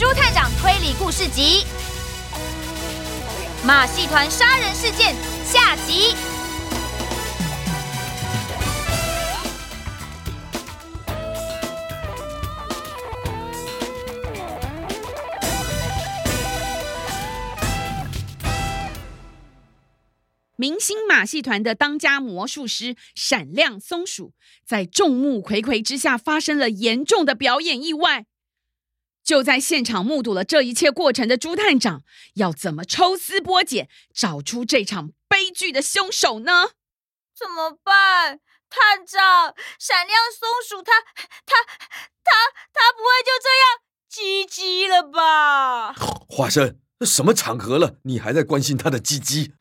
豬探長推理故事集：馬戲團殺人事件下集。明星馬戲團的當家魔術師閃亮松鼠，在眾目睽睽之下發生了嚴重的表演意外。就在現場目睹了這一切過程的豬探長，要怎麼抽絲剝繭，找出這場悲劇的兇手呢？怎麼辦，探長？閃亮松鼠他，他他他他不會就這樣雞雞了吧？花生，那什麼場合了，你還在關心他的雞雞？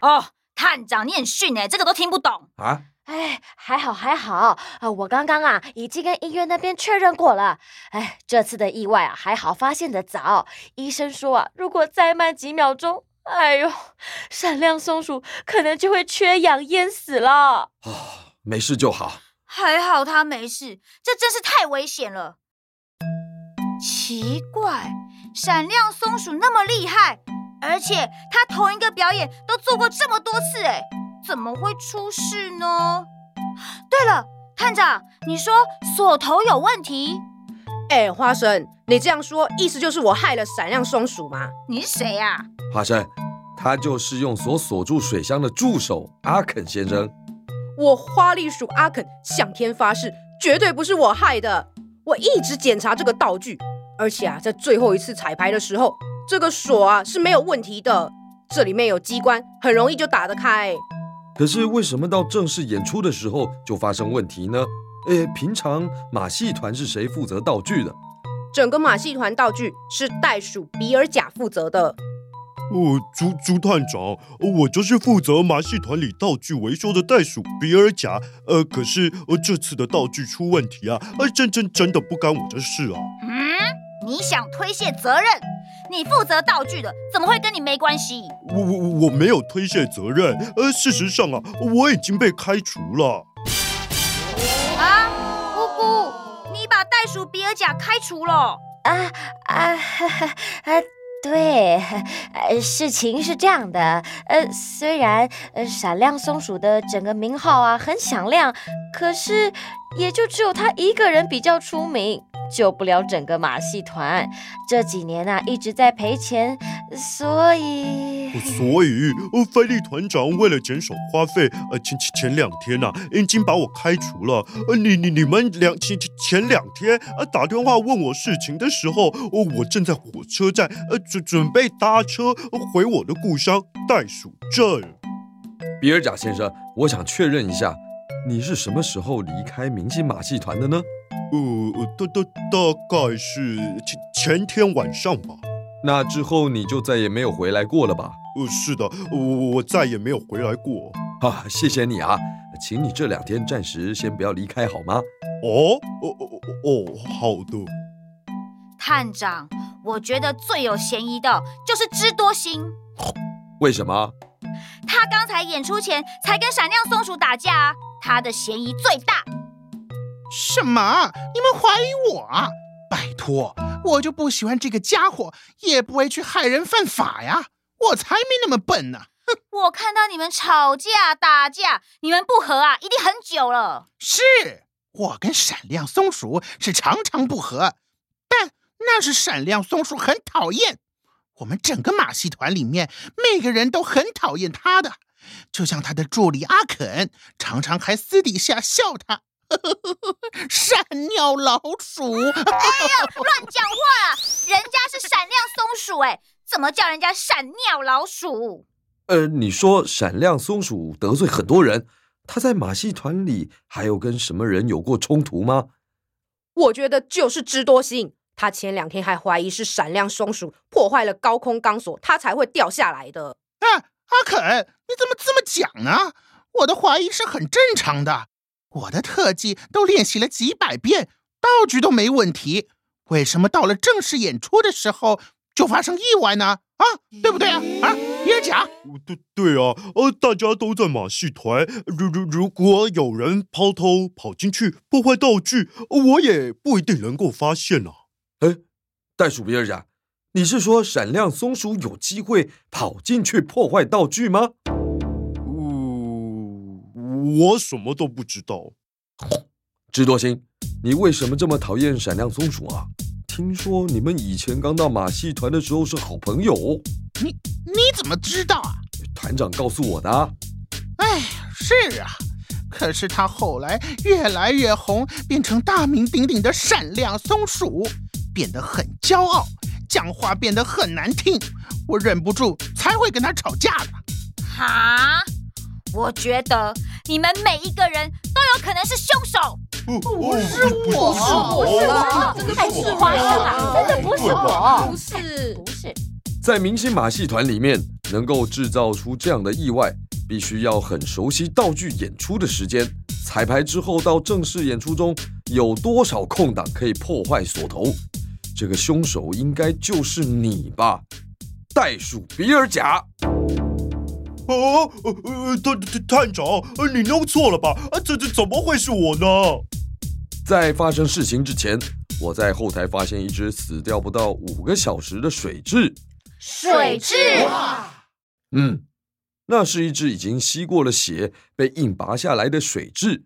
哦，探長，你很遜哎、欸，這個都聽不懂啊。哎，還好還好啊，呃，我剛剛啊，已經跟醫院那邊確認過了。哎，這次的意外啊，還好發現得早。醫生說啊，如果再慢幾秒鐘，哎呦，閃亮松鼠可能就會缺氧淹死了。哦，沒事就好。還好他沒事，這真是太危險了。奇怪，閃亮松鼠那麼厲害，而且他同一個表演都做過這麼多次，哎。怎麼會出事呢？對了，探長，你說鎖頭有問題？哎、欸，花生，你這樣說，意思就是我害了閃亮松鼠嗎？你是誰啊？花生，他就是用鎖鎖住水箱的助手阿肯先生。我花栗鼠阿肯向天發誓，絕對不是我害的。我一直檢查這個道具，而且啊，在最後一次彩排的時候，這個鎖啊是沒有問題的。這裡面有機關，很容易就打得開。可是為什麼到正式演出的時候就發生問題呢？呃，平常馬戲團是誰負責道具的？整個馬戲團道具是袋鼠比爾賈負責的。哦，豬豬探長，我就是負責馬戲團裡道具維修的袋鼠比爾賈。呃，可是呃這次的道具出問題啊，哎、呃，真真真的不干我的事啊。嗯，你想推卸責任？你負責道具的，怎麼會跟你沒關係？我我我沒有推卸責任。呃，事實上啊，我已經被開除了。啊，姑姑，你把袋鼠比爾甲開除了？啊啊，啊，啊對啊，事情是這樣的，呃、啊，雖然呃閃亮松鼠的整個名號啊很響亮，可是也就只有他一個人比較出名，救不了整個馬戲團，這幾年啊一直在賠錢，所以所以歐菲利團長為了減少花費，呃前前前兩天吶、啊，已經把我開除了。呃你你你們兩前前兩天呃打電話問我事情的時候，我我正在火車站呃準準備搭車回我的故鄉袋鼠鎮。比爾賈先生，我想確認一下，你是什麼時候離開明星馬戲團的呢？呃，大大，大概是前前天晚上吧。那之後你就再也沒有回來過了吧？呃，是的，我，呃，我再也沒有回來過。啊，謝謝你啊，請你這兩天暫時先不要離開好嗎？哦，哦哦哦，好的。探長，我覺得最有嫌疑的就是知多星。為什麼？他剛才演出前才跟閃亮松鼠打架啊，他的嫌疑最大。什麼？你們懷疑我？拜托，我就不喜歡這個傢伙，也不會去害人犯法呀！我才沒那麼笨呢、啊！哼，我看到你們吵架打架，你們不和啊，一定很久了。是，我跟閃亮松鼠是常常不和，但那是閃亮松鼠很討厭，我們整個馬戲團裡面每個人都很討厭他的，就像他的助理阿肯，常常還私底下笑他。 閃尿老鼠！ 哎呀，亂講話了，人家是閃亮松鼠，哎，怎麼叫人家閃尿老鼠？呃，你說閃亮松鼠得罪很多人，他在馬戲團裡還有跟什麼人有過衝突嗎？我覺得就是智多星，他前兩天還懷疑是閃亮松鼠破壞了高空鋼索，他才會掉下來的。哎，阿肯，你怎麼這麼講呢？啊？我的懷疑是很正常的。我的特技都練習了幾百遍，道具都沒問題，為什麼到了正式演出的時候就發生意外呢？啊，對不對啊？啊，別講。嗯、對對啊，呃，大家都在馬戲團，如如如果有人偷偷跑進去破壞道具，我也不一定能夠發現呢、啊。哎，袋鼠比爾講，你是說閃亮松鼠有機會跑進去破壞道具嗎？我什麼都不知道。智多星，你為什麼這麼討厭閃亮松鼠啊？聽說你們以前剛到馬戲團的時候是好朋友。你你怎麼知道啊？團長告訴我的。哎，是啊，可是他後來越來越紅，變成大名鼎鼎的閃亮松鼠，變得很驕傲，講話變得很難聽，我忍不住才會跟他吵架的。哈，我覺得。你們每一個人都有可能是凶手，不，不是我、啊不是我啊，不是我、啊，不是我、啊，還是花生啊，啊真的不是我、啊不是我啊，不是，不是。在明星馬戲團裡面，能夠製造出這樣的意外，必須要很熟悉道具演出的時間，彩排之後到正式演出中有多少空檔可以破壞鎖頭，這個凶手應該就是你吧，袋鼠比爾甲。哦、啊，呃，探探長，你弄錯了吧？啊，這這怎麼會是我呢？在發生事情之前，我在後臺發現一隻死掉不到五個小時的水蛭。水蛭？嗯，那是一隻已經吸過了血、被硬拔下來的水蛭。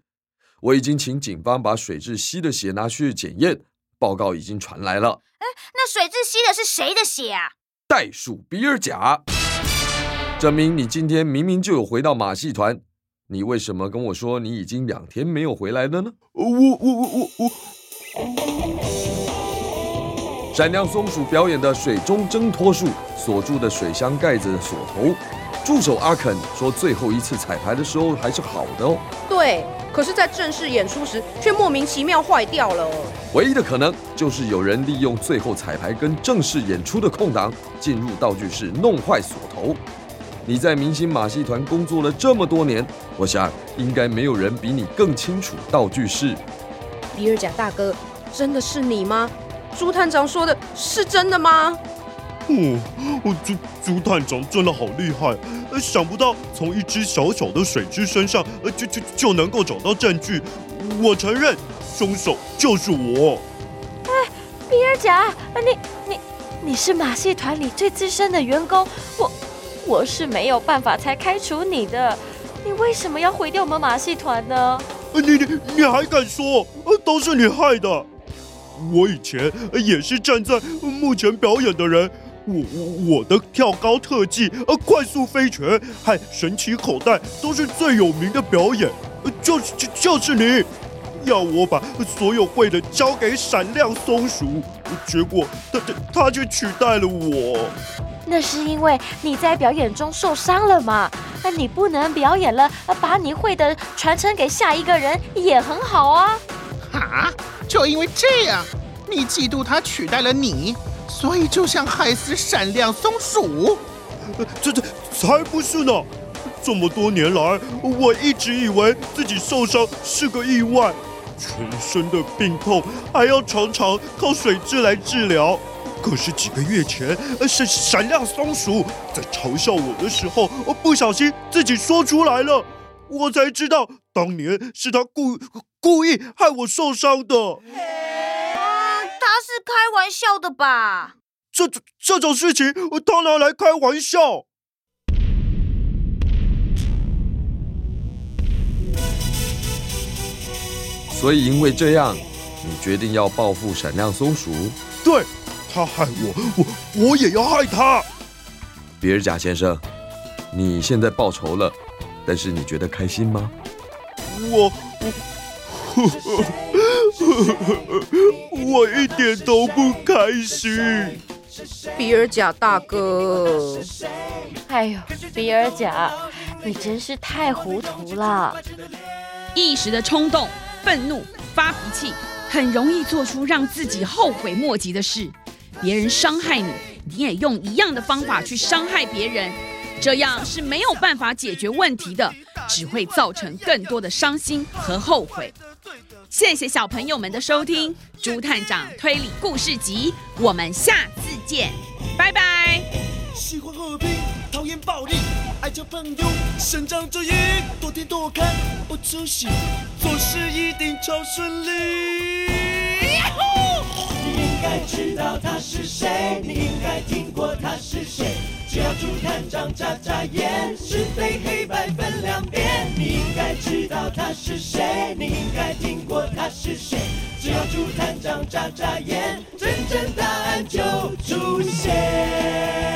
我已經請警方把水蛭吸的血拿去檢驗，報告已經傳來了。哎，那水蛭吸的是誰的血啊？袋鼠比爾甲。證明你今天明明就有回到馬戲團，你為什麼跟我說你已經兩天沒有回來了呢？哦哦哦哦哦。閃亮松鼠表演的水中掙脫術鎖住的水箱蓋子鎖頭，助手阿肯說最後一次彩排的時候還是好的哦。對，可是，在正式演出時卻莫名其妙壞掉了哦。唯一的可能就是有人利用最後彩排跟正式演出的空檔進入道具室弄壞鎖頭。你在明星馬戲團工作了這麼多年，我想應該沒有人比你更清楚道具室。比爾賈大哥，真的是你嗎？豬探長說的是真的嗎？哦，哦，豬豬探長真的好厲害，想不到從一只小小的水蛭身上，呃，就就就能夠找到證據。我承認，凶手就是我。哎，比爾賈，你你你是馬戲團裡最資深的員工，我。我是沒有辦法才開除你的，你為什麼要毀掉我們馬戲團呢？你你你還敢說，都是你害的！我以前也是站在幕前表演的人，我我我的跳高特技、呃快速飛拳、還神奇口袋，都是最有名的表演。就就就是你，要我把所有會的交給閃亮松鼠，結果他他他就取代了我。那是因為你在表演中受傷了嘛？那你不能表演了，把你會的傳承給下一個人也很好啊。啊！就因為這樣，你嫉妒他取代了你，所以就想害死閃亮松鼠？這這才，才不是呢！這麼多年來，我一直以為自己受傷是個意外，全身的病痛，還要常常靠水蛭來治療。可是幾個月前，閃閃亮松鼠在嘲笑我的時候，我不小心自己說出來了，我才知道當年是他故故意害我受傷的。呃，他是開玩笑的吧？這這種事情，他拿來開玩笑。所以因為這樣，你決定要報復閃亮松鼠？對。他害我，我我也要害他。比爾賈先生，你現在報仇了，但是你覺得開心嗎？我我 我一點都不開心。比爾賈大哥，哎呦，比爾賈，你真是太糊塗了！一時的衝動、憤怒、發脾氣，很容易做出讓自己後悔莫及的事。別人傷害你，你也用一樣的方法去傷害別人，這樣是沒有辦法解決問題的，只會造成更多的傷心和後悔。謝謝小朋友們的收聽，豬探長推理故事集，我們下次見，拜拜。喜歡和平，討厭暴力，愛交朋友，伸張正義，多聽多看，我自己做事，一定超順利。應該知道他是誰，你應該聽過他是誰。只要豬探長眨眨眼，是非黑白分兩邊。你應該知道他是誰，你應該聽過他是誰。只要豬探長眨眨眼，真正答案就出現。